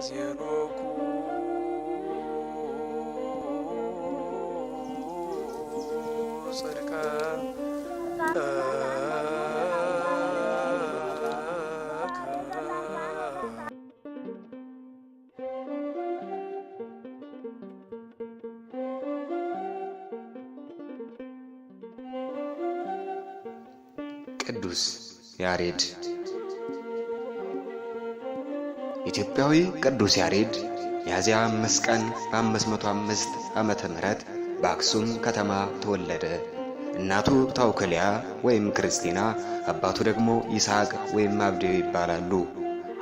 አዜኖኩ ጽድቀ ቅዱስ ያሬድ ኢትዮጵያዊ ቅዱስ ያሬድ ሚያዝያ አምስት ቀን በ505 ዓመተ ምህረት በአክሱም ከተማ ተወለደ። እናቱ ታውክልያ ወይም ክርስቲና፣ አባቱ ደግሞ ይስሐቅ ወይም አብዴው ይባላሉ።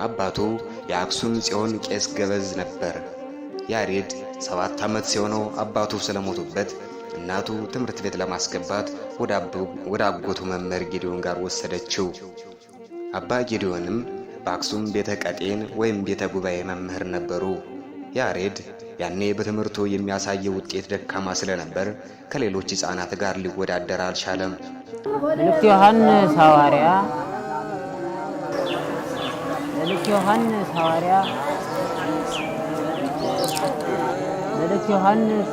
አባቱ የአክሱም ጽዮን ቄስ ገበዝ ነበር። ያሬድ ሰባት ዓመት ሲሆነው አባቱ ስለሞቱበት እናቱ ትምህርት ቤት ለማስገባት ወደ አጎቱ መምህር ጌዲዮን ጋር ወሰደችው። አባ ጌዲዮንም በአክሱም ቤተ ቀጤን ወይም ቤተ ጉባኤ መምህር ነበሩ። ያሬድ ያኔ በትምህርቱ የሚያሳየው ውጤት ደካማ ስለነበር ከሌሎች ሕፃናት ጋር ሊወዳደር አልቻለም። ልክ ዮሐንስ ሐዋርያ ልክ ዮሐንስ ሐዋርያ ልክ ዮሐንስ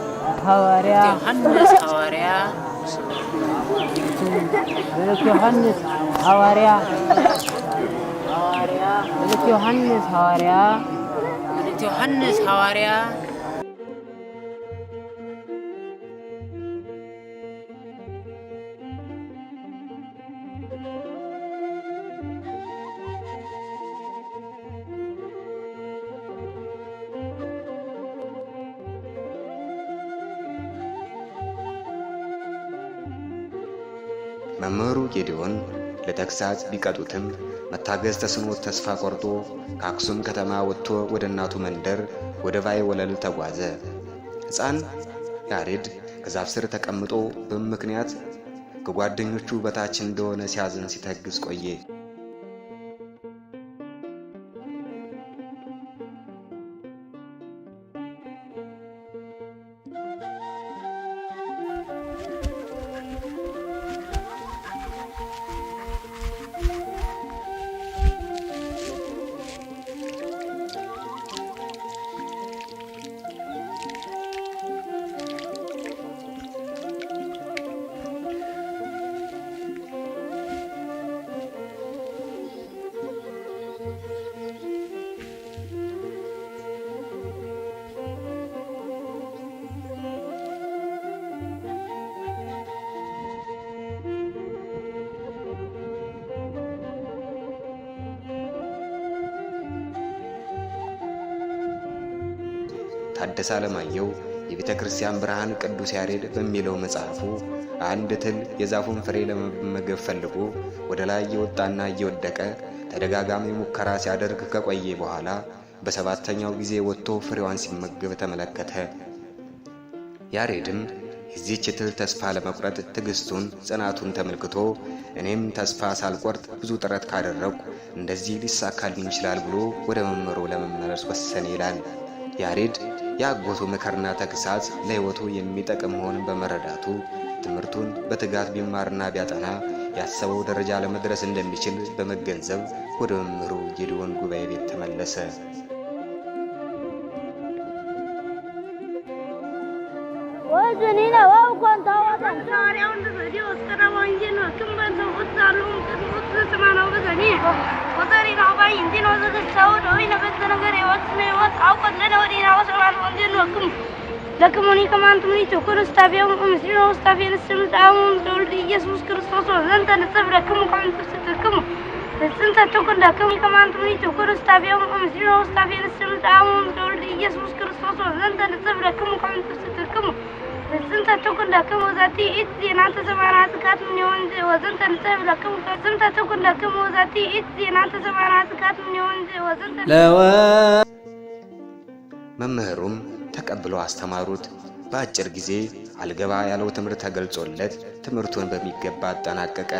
ሐዋርያ ዮሐንስ ሐዋርያ ልክ ዮሐንስ ሐዋርያ ቅዱስ ዮሐንስ ሐዋርያ ቅዱስ ዮሐንስ ሐዋርያ መምህሩ ጌዲዮን ለተግሳጽ ቢቀጡትም መታገዝ ተስኖት ተስፋ ቆርጦ ከአክሱም ከተማ ወጥቶ ወደ እናቱ መንደር ወደ ቫይ ወለል ተጓዘ። ሕፃን ያሬድ ከዛፍ ስር ተቀምጦ በምክንያት ከጓደኞቹ በታች እንደሆነ ሲያዝን ሲተግዝ ቆየ። ታደሰ አለማየሁ የቤተ ክርስቲያን ብርሃን ቅዱስ ያሬድ በሚለው መጽሐፉ አንድ ትል የዛፉን ፍሬ ለመመገብ ፈልጎ ወደ ላይ እየወጣና እየወደቀ ተደጋጋሚ ሙከራ ሲያደርግ ከቆየ በኋላ በሰባተኛው ጊዜ ወጥቶ ፍሬዋን ሲመገብ ተመለከተ። ያሬድም የዚህች ትል ተስፋ ለመቁረጥ ትዕግስቱን፣ ጽናቱን ተመልክቶ እኔም ተስፋ ሳልቆርጥ ብዙ ጥረት ካደረግኩ እንደዚህ ሊሳካልኝ ይችላል ብሎ ወደ መምህሩ ለመመለስ ወሰነ ይላል ያሬድ የአጎቱ ምክርና ተግሳጽ ለሕይወቱ የሚጠቅም መሆኑን በመረዳቱ ትምህርቱን በትጋት ቢማርና ቢያጠና ያሰበው ደረጃ ለመድረስ እንደሚችል በመገንዘብ ወደ መምህሩ ጌዲዮን ጉባኤ ቤት ተመለሰ። કોતરી રાબા હિન્દી નો જગ સૌ રોઈ નગત નગર એવત ને એવત આવ કદલે નો રી રાવ સવાલ મંદિર નો હકમ લકમણી કમાન તુમની ચોકર ઉસ્તાવ્ય મસરી નો ઉસ્તાવ્ય ને સમ તામ દોલડી યેસુસ ક્રિસ્તોસ ઓલન તને તબ રકમ કમ તસ રકમ ስንተ ትኩር ለክሙ ከማን ትምኒ ትኩር ስታቢያው ምስሪ ስታቢያን ስምጣሙ ዶልድ ኢየሱስ ክርስቶስ ዘንተ ንጽብ ለክሙ ከምን ትስትርክሙ ኢት ዜናንተ ኢት ዜናንተ ለወ መምህሩም ተቀብለው አስተማሩት። በአጭር ጊዜ አልገባ ያለው ትምህርት ተገልጾለት ትምህርቱን በሚገባ አጠናቀቀ።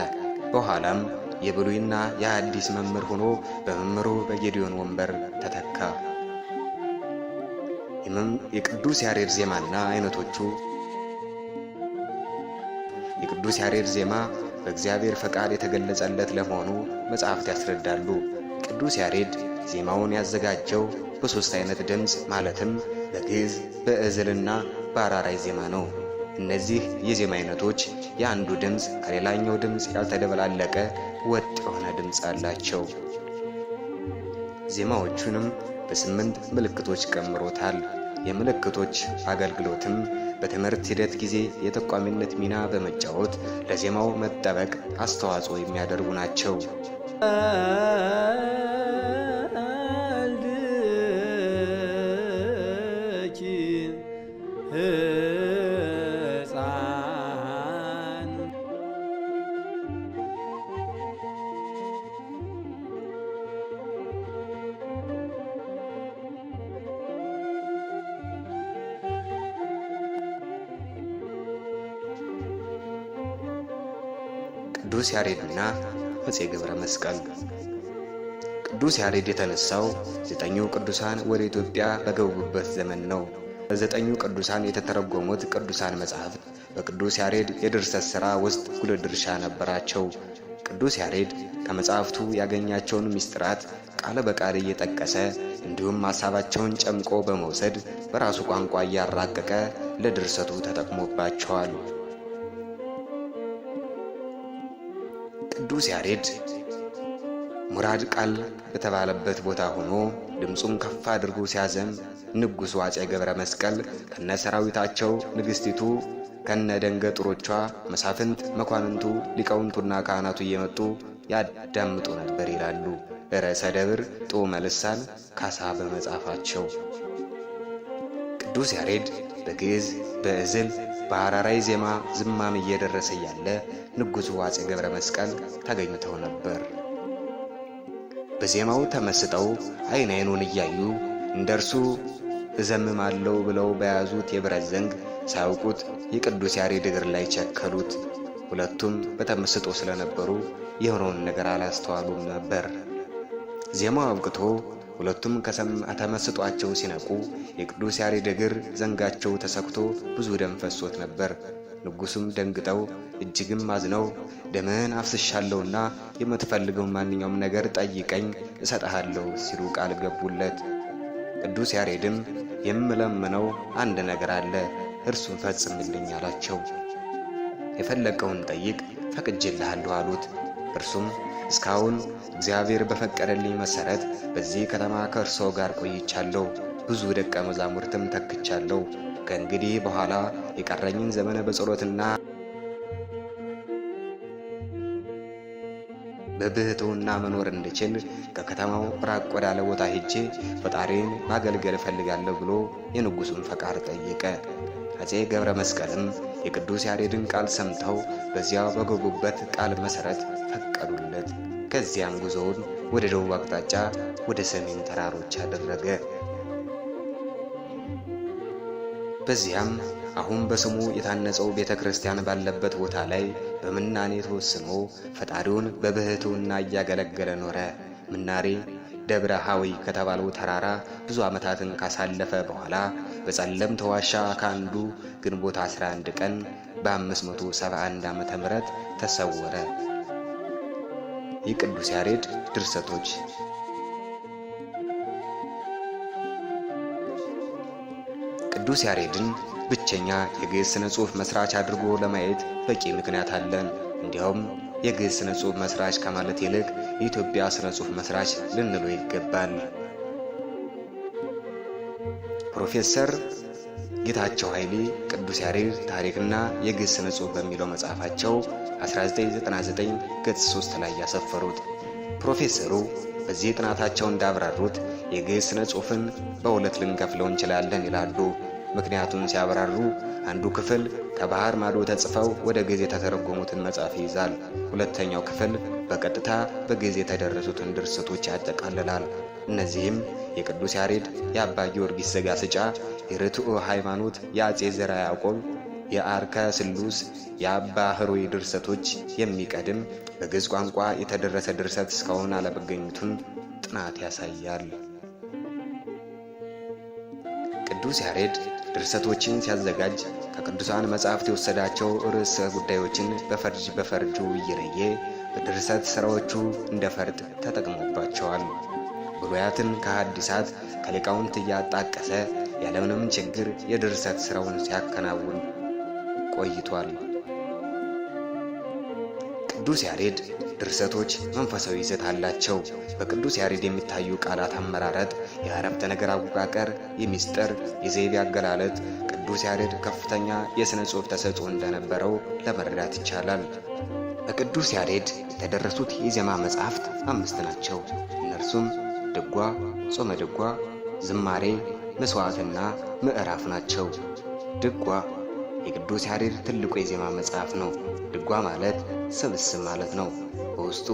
በኋላም የብሉይና የአዲስ መምህር ሆኖ በመምህሩ በጌዲዮን ወንበር ተተካ። የቅዱስ ያሬድ ዜማና አይነቶቹ የቅዱስ ያሬድ ዜማ በእግዚአብሔር ፈቃድ የተገለጸለት ለመሆኑ መጽሐፍት ያስረዳሉ። ቅዱስ ያሬድ ዜማውን ያዘጋጀው በሦስት አይነት ድምፅ ማለትም በግዕዝ በእዝልና በአራራይ ዜማ ነው። እነዚህ የዜማ አይነቶች የአንዱ ድምፅ ከሌላኛው ድምፅ ያልተደበላለቀ ወጥ የሆነ ድምፅ አላቸው። ዜማዎቹንም በስምንት ምልክቶች ቀምሮታል። የምልክቶች አገልግሎትም በትምህርት ሂደት ጊዜ የጠቋሚነት ሚና በመጫወት ለዜማው መጠበቅ አስተዋጽኦ የሚያደርጉ ናቸው። ቅዱስ ያሬድና አፄ ገብረ መስቀል። ቅዱስ ያሬድ የተነሳው ዘጠኙ ቅዱሳን ወደ ኢትዮጵያ በገቡበት ዘመን ነው። በዘጠኙ ቅዱሳን የተተረጎሙት ቅዱሳን መጻሕፍት በቅዱስ ያሬድ የድርሰት ሥራ ውስጥ ጉልህ ድርሻ ነበራቸው። ቅዱስ ያሬድ ከመጻሕፍቱ ያገኛቸውን ምስጢራት ቃለ በቃል እየጠቀሰ እንዲሁም ሐሳባቸውን ጨምቆ በመውሰድ በራሱ ቋንቋ እያራቀቀ ለድርሰቱ ተጠቅሞባቸዋል። ቅዱስ ያሬድ ሙራድ ቃል በተባለበት ቦታ ሆኖ ድምፁን ከፍ አድርጎ ሲያዘም ንጉሡ አፄ ገብረ መስቀል ከነ ሰራዊታቸው ንግሥቲቱ ከነ ደንገ ጥሮቿ መሳፍንት፣ መኳንንቱ፣ ሊቃውንቱና ካህናቱ እየመጡ ያዳምጡ ነበር ይላሉ ርዕሰ ደብር ጡመ ልሳን ካሳ በመጻፋቸው ቅዱስ ያሬድ በግዕዝ በእዝል በአራራይ ዜማ ዝማም እየደረሰ ያለ ንጉሡ ዋፄ ገብረ መስቀል ተገኝተው ነበር። በዜማው ተመስጠው አይን አይኑን እያዩ እንደ እርሱ እዘምማለሁ ብለው በያዙት የብረት ዘንግ ሳያውቁት የቅዱስ ያሬድ እግር ላይ ቸከሉት። ሁለቱም በተመስጦ ስለነበሩ የሆነውን ነገር አላስተዋሉም ነበር። ዜማው አብቅቶ ሁለቱም ከተመስጧቸው ሲነቁ የቅዱስ ያሬድ እግር ዘንጋቸው ተሰክቶ ብዙ ደም ፈሶት ነበር። ንጉሡም ደንግጠው እጅግም አዝነው ደምህን አፍስሻለሁና የምትፈልገው ማንኛውም ነገር ጠይቀኝ እሰጠሃለሁ ሲሉ ቃል ገቡለት። ቅዱስ ያሬድም የምለምነው አንድ ነገር አለ፣ እርሱን ፈጽምልኝ አላቸው። የፈለቀውን ጠይቅ ፈቅጄልሃለሁ አሉት። እርሱም እስካሁን እግዚአብሔር በፈቀደልኝ መሠረት በዚህ ከተማ ከእርሶ ጋር ቆይቻለሁ፣ ብዙ ደቀ መዛሙርትም ተክቻለሁ። ከእንግዲህ በኋላ የቀረኝን ዘመነ በጸሎትና በብሕትውና መኖር እንድችል ከከተማው ራቅ ወዳለ ቦታ ሄጄ ፈጣሪን ማገልገል እፈልጋለሁ ብሎ የንጉሱን ፈቃድ ጠየቀ። አፄ ገብረ መስቀልም የቅዱስ ያሬድን ቃል ሰምተው በዚያው በገቡበት ቃል መሠረት ፈቀዱለት። ከዚያም ጉዞውን ወደ ደቡብ አቅጣጫ ወደ ሰሜን ተራሮች አደረገ። በዚያም አሁን በስሙ የታነጸው ቤተ ክርስቲያን ባለበት ቦታ ላይ በምናኔ ተወስኖ ፈጣሪውን በብህትውና እያገለገለ ኖረ። ምናሬ ደብረ ሐዊ ከተባለው ተራራ ብዙ ዓመታትን ካሳለፈ በኋላ በጸለምተ ዋሻ ከአንዱ ግንቦት 11 ቀን በ571 ም ተሰወረ። የቅዱስ ያሬድ ድርሰቶች ቅዱስ ያሬድን ብቸኛ የግዕዝ ስነ ጽሑፍ መስራች አድርጎ ለማየት በቂ ምክንያት አለን። እንዲያውም የግዕዝ ስነ ጽሑፍ መስራች ከማለት ይልቅ የኢትዮጵያ ስነ ጽሑፍ መስራች ልንሉ ይገባል። ፕሮፌሰር ጌታቸው ኃይሌ ቅዱስ ያሬድ ታሪክና የግዕዝ ስነ ጽሑፍ በሚለው መጽሐፋቸው 1999 ገጽ 3 ላይ ያሰፈሩት። ፕሮፌሰሩ በዚህ ጥናታቸው እንዳብራሩት የግዕዝ ስነ ጽሑፍን በሁለት ልንከፍለው እንችላለን ይላሉ። ምክንያቱን ሲያብራሩ አንዱ ክፍል ከባህር ማዶ ተጽፈው ወደ ግዕዝ የተተረጎሙትን መጽሐፍ ይይዛል። ሁለተኛው ክፍል በቀጥታ በግዕዝ የተደረሱትን ድርሰቶች ያጠቃልላል። እነዚህም የቅዱስ ያሬድ፣ የአባ ጊዮርጊስ ዘጋስጫ፣ የርቱዕ ሃይማኖት፣ የአጼ ዘርዓ ያዕቆብ የአርካ ስሉስ የአባ ህሩይ ድርሰቶች የሚቀድም በግዕዝ ቋንቋ የተደረሰ ድርሰት እስካሁን አለመገኘቱን ጥናት ያሳያል። ቅዱስ ያሬድ ድርሰቶችን ሲያዘጋጅ ከቅዱሳን መጻሕፍት የወሰዳቸው ርዕሰ ጉዳዮችን በፈርጅ በፈርጁ እየለየ በድርሰት ሥራዎቹ እንደ ፈርጥ ተጠቅሞባቸዋል። ብሉያትን ከሐዲሳት ከሊቃውንት እያጣቀሰ ያለምንም ችግር የድርሰት ሥራውን ሲያከናውን ቆይቷል። ቅዱስ ያሬድ ድርሰቶች መንፈሳዊ ይዘት አላቸው። በቅዱስ ያሬድ የሚታዩ ቃላት አመራረጥ፣ የአረፍተ ነገር አወቃቀር፣ የሚስጥር የዘይቤ አገላለጥ ቅዱስ ያሬድ ከፍተኛ የሥነ ጽሑፍ ተሰጥኦ እንደነበረው ለመረዳት ይቻላል። በቅዱስ ያሬድ የተደረሱት የዜማ መጻሕፍት አምስት ናቸው። እነርሱም ድጓ፣ ጾመ ድጓ፣ ዝማሬ፣ መሥዋዕትና ምዕራፍ ናቸው። ድጓ የቅዱስ ያሬድ ትልቁ የዜማ መጽሐፍ ነው። ድጓ ማለት ስብስብ ማለት ነው። በውስጡ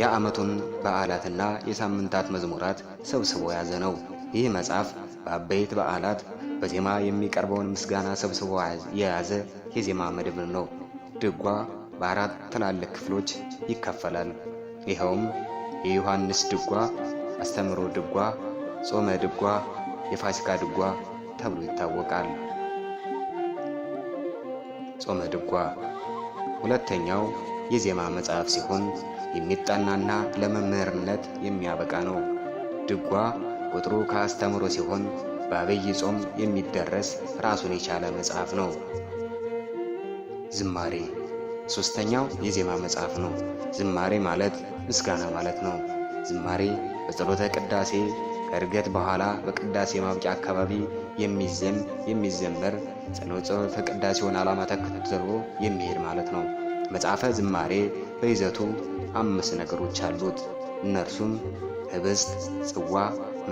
የዓመቱን በዓላትና የሳምንታት መዝሙራት ሰብስቦ የያዘ ነው። ይህ መጽሐፍ በአበይት በዓላት በዜማ የሚቀርበውን ምስጋና ሰብስቦ የያዘ የዜማ መድብር ነው። ድጓ በአራት ትላልቅ ክፍሎች ይከፈላል። ይኸውም የዮሐንስ ድጓ፣ አስተምሮ ድጓ፣ ጾመ ድጓ፣ የፋሲካ ድጓ ተብሎ ይታወቃል። ጾመ ድጓ። ሁለተኛው የዜማ መጽሐፍ ሲሆን የሚጠናና ለመምህርነት የሚያበቃ ነው። ድጓ ቁጥሩ ከአስተምሮ ሲሆን በአብይ ጾም የሚደረስ ራሱን የቻለ መጽሐፍ ነው። ዝማሬ ሶስተኛው የዜማ መጽሐፍ ነው። ዝማሬ ማለት ምስጋና ማለት ነው። ዝማሬ በጸሎተ ቅዳሴ ከእርገት በኋላ በቅዳሴ ማብቂያ አካባቢ የሚዘም የሚዘመር ጸሎተ ከቅዳሴውን ዓላማ ተከትሎ የሚሄድ ማለት ነው። መጽሐፈ ዝማሬ በይዘቱ አምስት ነገሮች አሉት። እነርሱም ህብስት፣ ጽዋ፣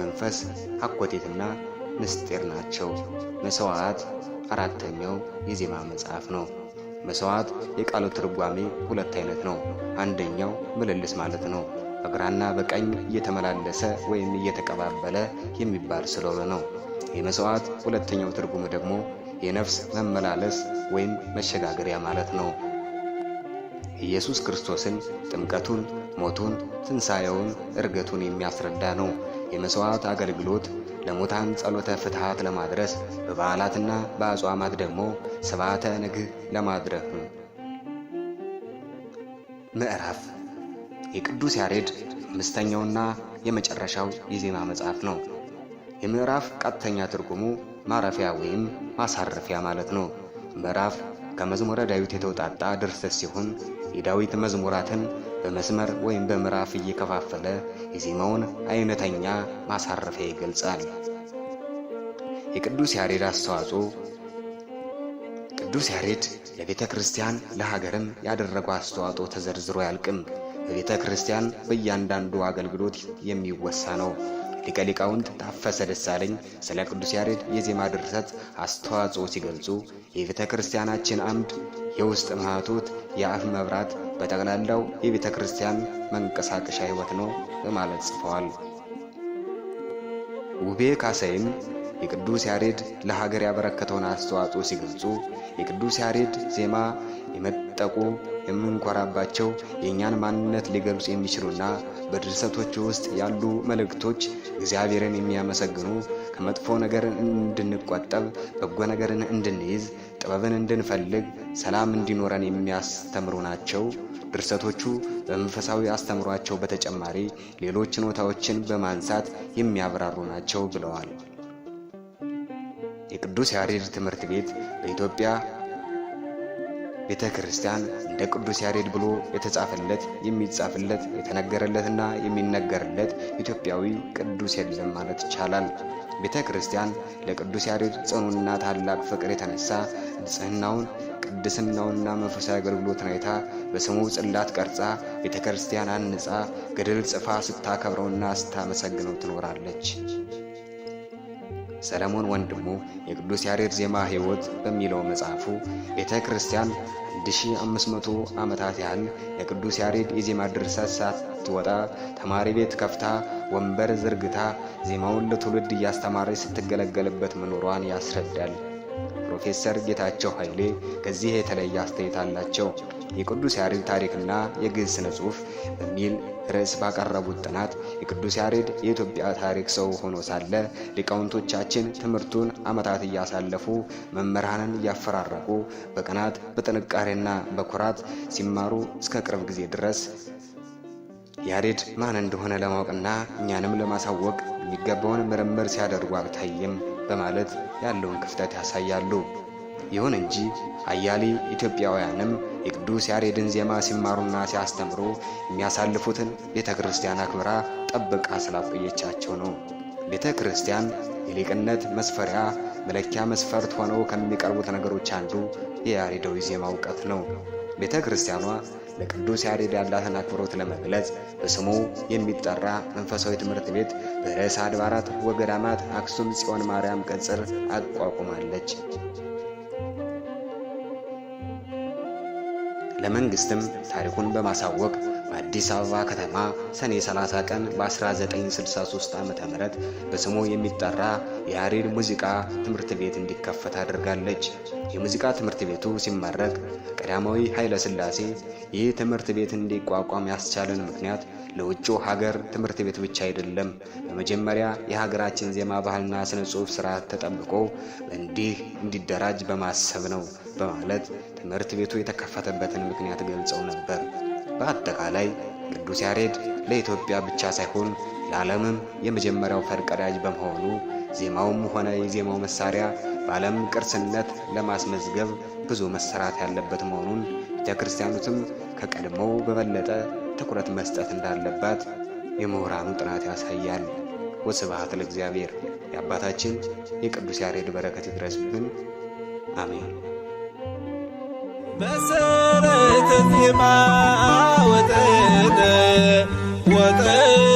መንፈስ፣ አኮቴትና ምስጢር ናቸው። መሥዋዕት አራተኛው የዜማ መጽሐፍ ነው። መሥዋዕት የቃሉ ትርጓሜ ሁለት አይነት ነው። አንደኛው ምልልስ ማለት ነው። በግራና በቀኝ እየተመላለሰ ወይም እየተቀባበለ የሚባል ስለሆነ ነው። ይህ መስዋዕት ሁለተኛው ትርጉሙ ደግሞ የነፍስ መመላለስ ወይም መሸጋገሪያ ማለት ነው። ኢየሱስ ክርስቶስን ጥምቀቱን፣ ሞቱን፣ ትንሣኤውን፣ እርገቱን የሚያስረዳ ነው። የመሥዋዕት አገልግሎት ለሙታን ጸሎተ ፍትሐት ለማድረስ በበዓላትና በአጽዋማት ደግሞ ስብዓተ ንግህ ለማድረግ ነው። ምዕራፍ የቅዱስ ያሬድ አምስተኛውና የመጨረሻው የዜማ መጽሐፍ ነው። የምዕራፍ ቀጥተኛ ትርጉሙ ማረፊያ ወይም ማሳረፊያ ማለት ነው። ምዕራፍ ከመዝሙረ ዳዊት የተውጣጣ ድርሰት ሲሆን የዳዊት መዝሙራትን በመስመር ወይም በምዕራፍ እየከፋፈለ የዜማውን አይነተኛ ማሳረፊያ ይገልጻል። የቅዱስ ያሬድ አስተዋጽኦ ቅዱስ ያሬድ ለቤተ ክርስቲያን ለሀገርም ያደረገው አስተዋጽኦ ተዘርዝሮ አያልቅም። በቤተ ክርስቲያን በእያንዳንዱ አገልግሎት የሚወሳ ነው። ሊቀ ሊቃውንት ታፈሰ ደሳለኝ ስለ ቅዱስ ያሬድ የዜማ ድርሰት አስተዋጽኦ ሲገልጹ የቤተ ክርስቲያናችን አምድ፣ የውስጥ ማህቶት፣ የአፍ መብራት፣ በጠቅላላው የቤተ ክርስቲያን መንቀሳቀሻ ሕይወት ነው በማለት ጽፈዋል። ውቤ ካሳይም የቅዱስ ያሬድ ለሀገር ያበረከተውን አስተዋጽኦ ሲገልጹ የቅዱስ ያሬድ ዜማ የመጠቁ የምንኮራባቸው የእኛን ማንነት ሊገልጹ የሚችሉና በድርሰቶች ውስጥ ያሉ መልእክቶች እግዚአብሔርን የሚያመሰግኑ ከመጥፎ ነገር እንድንቆጠብ፣ በጎ ነገርን እንድንይዝ፣ ጥበብን እንድንፈልግ፣ ሰላም እንዲኖረን የሚያስተምሩ ናቸው። ድርሰቶቹ በመንፈሳዊ አስተምሯቸው በተጨማሪ ሌሎች ኖታዎችን በማንሳት የሚያብራሩ ናቸው ብለዋል። የቅዱስ ያሬድ ትምህርት ቤት በኢትዮጵያ ቤተ ክርስቲያን እንደ ቅዱስ ያሬድ ብሎ የተጻፈለት የሚጻፍለት የተነገረለትና የሚነገርለት ኢትዮጵያዊ ቅዱስ የለም ማለት ይቻላል። ቤተ ክርስቲያን ለቅዱስ ያሬድ ጽኑና ታላቅ ፍቅር የተነሳ ንጽህናውን ቅድስናውና መንፈሳዊ አገልግሎትን አይታ በስሙ ጽላት ቀርጻ ቤተ ክርስቲያን አንጻ ገድል ጽፋ ስታከብረውና ስታመሰግነው ትኖራለች። ሰለሞን ወንድሙ የቅዱስ ያሬድ ዜማ ሕይወት በሚለው መጽሐፉ ቤተ ክርስቲያን 1500 ዓመታት ያህል የቅዱስ ያሬድ የዜማ ድርሰት ሳትወጣ ተማሪ ቤት ከፍታ ወንበር ዘርግታ ዜማውን ለትውልድ እያስተማረች ስትገለገልበት መኖሯን ያስረዳል። ፕሮፌሰር ጌታቸው ኃይሌ ከዚህ የተለየ አስተያየት አላቸው። የቅዱስ ያሬድ ታሪክና የግዕዝ ስነ ጽሑፍ በሚል ርዕስ ባቀረቡት ጥናት የቅዱስ ያሬድ የኢትዮጵያ ታሪክ ሰው ሆኖ ሳለ ሊቃውንቶቻችን ትምህርቱን ዓመታት እያሳለፉ መምህራንን እያፈራረቁ በቅናት በጥንካሬና በኩራት ሲማሩ እስከ ቅርብ ጊዜ ድረስ ያሬድ ማን እንደሆነ ለማወቅና እኛንም ለማሳወቅ የሚገባውን ምርምር ሲያደርጉ አልታይም። በማለት ያለውን ክፍተት ያሳያሉ። ይሁን እንጂ አያሌ ኢትዮጵያውያንም የቅዱስ ያሬድን ዜማ ሲማሩና ሲያስተምሩ የሚያሳልፉትን ቤተ ክርስቲያን አክብራ ጠብቃ ስላቆየቻቸው ነው። ቤተ ክርስቲያን የሊቅነት መስፈሪያ መለኪያ መስፈርት ሆነው ከሚቀርቡት ነገሮች አንዱ የያሬዳዊ ዜማ እውቀት ነው። ቤተ ክርስቲያኗ ለቅዱስ ያሬድ ያላትን አክብሮት ለመግለጽ በስሙ የሚጠራ መንፈሳዊ ትምህርት ቤት በርዕሰ አድባራት ወገዳማት አክሱም ጽዮን ማርያም ቅጽር አቋቁማለች። ለመንግስትም ታሪኩን በማሳወቅ በአዲስ አበባ ከተማ ሰኔ 30 ቀን በ1963 ዓ ም በስሙ የሚጠራ የያሬድ ሙዚቃ ትምህርት ቤት እንዲከፈት አድርጋለች። የሙዚቃ ትምህርት ቤቱ ሲመረቅ ቀዳማዊ ኃይለ ሥላሴ ይህ ትምህርት ቤት እንዲቋቋም ያስቻለን ምክንያት ለውጩ ሀገር ትምህርት ቤት ብቻ አይደለም። በመጀመሪያ የሀገራችን ዜማ ባህልና ስነ ጽሑፍ ስርዓት ተጠብቆ እንዲህ እንዲደራጅ በማሰብ ነው በማለት ትምህርት ቤቱ የተከፈተበትን ምክንያት ገልጸው ነበር። በአጠቃላይ ቅዱስ ያሬድ ለኢትዮጵያ ብቻ ሳይሆን ለዓለምም የመጀመሪያው ፈርቀዳጅ በመሆኑ ዜማውም ሆነ የዜማው መሳሪያ በዓለም ቅርስነት ለማስመዝገብ ብዙ መሰራት ያለበት መሆኑን ቤተ ክርስቲያኑትም ከቀድሞው በበለጠ ትኩረት መስጠት እንዳለባት የምሁራኑ ጥናት ያሳያል። ወስብሐት ለእግዚአብሔር። የአባታችን የቅዱስ ያሬድ በረከት ይድረስብን። አሜን። መሰረተ ዜማ وطن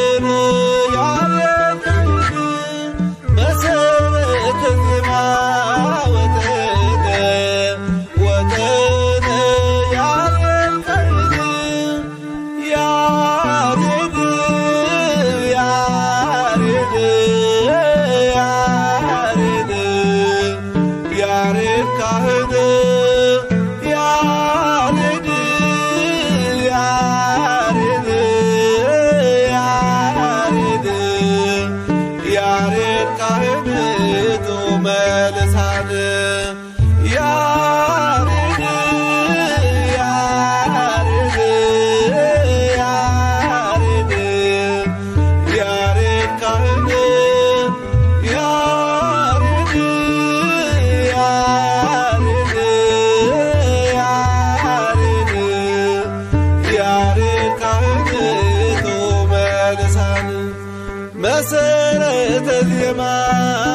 野蛮。